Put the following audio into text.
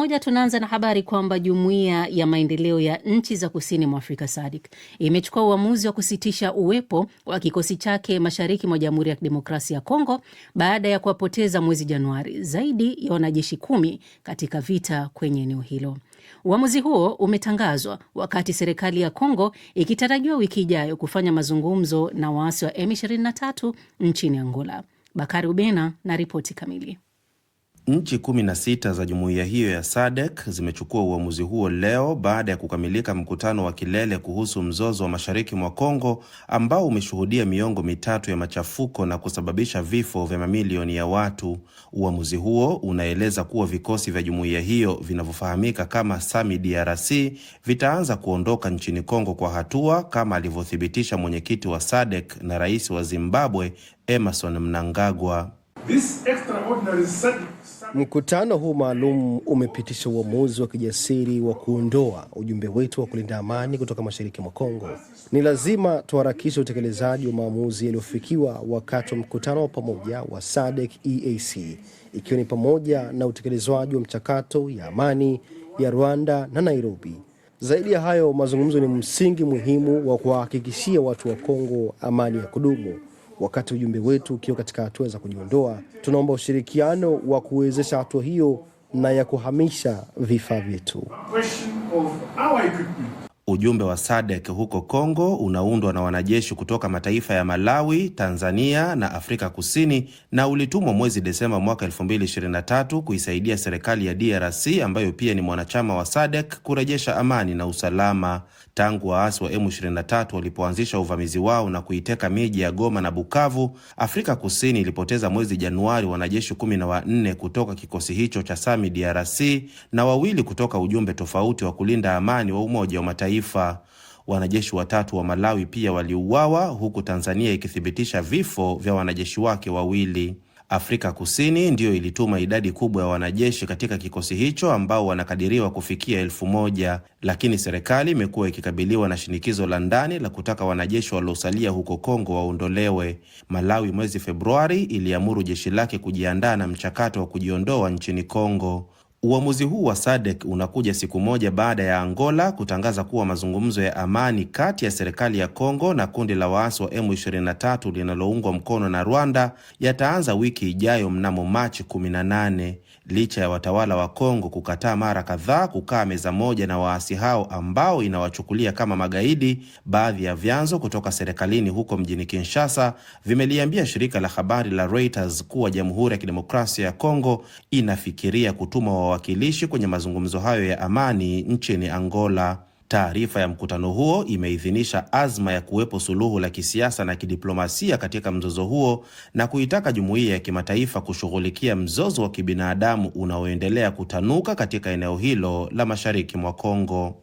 Moja, tunaanza na habari kwamba jumuiya ya maendeleo ya nchi za kusini mwa Afrika SADC imechukua uamuzi wa kusitisha uwepo wa kikosi chake mashariki mwa Jamhuri ya Kidemokrasia ya Kongo baada ya kuwapoteza mwezi Januari zaidi ya wanajeshi kumi katika vita kwenye eneo hilo. Uamuzi huo umetangazwa wakati serikali ya Kongo ikitarajiwa wiki ijayo kufanya mazungumzo na waasi wa M23 nchini Angola. Bakari Ubena na ripoti kamili. Nchi kumi na sita za jumuiya hiyo ya SADC zimechukua uamuzi huo leo baada ya kukamilika mkutano wa kilele kuhusu mzozo wa mashariki mwa Kongo ambao umeshuhudia miongo mitatu ya machafuko na kusababisha vifo vya mamilioni ya watu. Uamuzi huo unaeleza kuwa vikosi vya jumuiya hiyo vinavyofahamika kama SAMIDRC vitaanza kuondoka nchini Kongo kwa hatua, kama alivyothibitisha mwenyekiti wa SADC na rais wa Zimbabwe Emerson Mnangagwa. This extraordinary Mkutano huu maalum umepitisha uamuzi wa kijasiri wa kuondoa ujumbe wetu wa kulinda amani kutoka mashariki mwa Kongo. Ni lazima tuharakishe utekelezaji wa maamuzi yaliyofikiwa wakati wa mkutano wa pamoja wa SADC EAC, ikiwa ni pamoja na utekelezwaji wa mchakato ya amani ya Rwanda na Nairobi. Zaidi ya hayo, mazungumzo ni msingi muhimu wa kuwahakikishia watu wa Kongo amani ya kudumu. Wakati ujumbe wetu ukiwa katika hatua za kujiondoa, tunaomba ushirikiano wa kuwezesha hatua hiyo na ya kuhamisha vifaa vyetu. Ujumbe wa SADC huko Kongo unaundwa na wanajeshi kutoka mataifa ya Malawi, Tanzania na Afrika Kusini na ulitumwa mwezi Desemba mwaka 2023 kuisaidia serikali ya DRC ambayo pia ni mwanachama wa SADC kurejesha amani na usalama. Tangu waasi wa M23 walipoanzisha uvamizi wao na kuiteka miji ya Goma na Bukavu, Afrika Kusini ilipoteza mwezi Januari wanajeshi 14 na wanne kutoka kikosi hicho cha SAMI DRC na wawili kutoka ujumbe tofauti wa kulinda amani wa Umoja wa Mataifa kimataifa. wanajeshi watatu wa Malawi pia waliuawa huku Tanzania ikithibitisha vifo vya wanajeshi wake wawili. Afrika Kusini ndiyo ilituma idadi kubwa ya wanajeshi katika kikosi hicho ambao wanakadiriwa kufikia elfu moja lakini serikali imekuwa ikikabiliwa na shinikizo la ndani la kutaka wanajeshi waliosalia huko Kongo waondolewe. Malawi mwezi Februari iliamuru jeshi lake kujiandaa na mchakato wa kujiondoa nchini Kongo. Uamuzi huu wa SADC unakuja siku moja baada ya Angola kutangaza kuwa mazungumzo ya amani kati ya serikali ya Kongo na kundi la waasi wa M23 linaloungwa mkono na Rwanda yataanza wiki ijayo mnamo Machi 18, licha ya watawala wa Kongo kukataa mara kadhaa kukaa meza moja na waasi hao ambao inawachukulia kama magaidi. Baadhi ya vyanzo kutoka serikalini huko mjini Kinshasa vimeliambia shirika la habari la Reuters kuwa Jamhuri ya Kidemokrasia ya Kongo inafikiria kutuma wawakilishi kwenye mazungumzo hayo ya amani nchini Angola. Taarifa ya mkutano huo imeidhinisha azma ya kuwepo suluhu la kisiasa na kidiplomasia katika mzozo huo na kuitaka jumuiya ya kimataifa kushughulikia mzozo wa kibinadamu unaoendelea kutanuka katika eneo hilo la mashariki mwa Kongo.